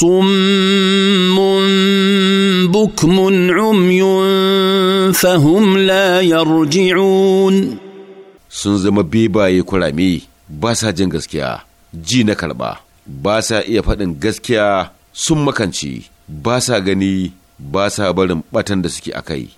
صم بكم عمي فهم لا يرجعون sun zama bebaye kurame ba sa jin gaskiya ji na karɓa, ba sa iya faɗin gaskiya sun makanci ba sa gani ba sa barin ɓatan da suke a kai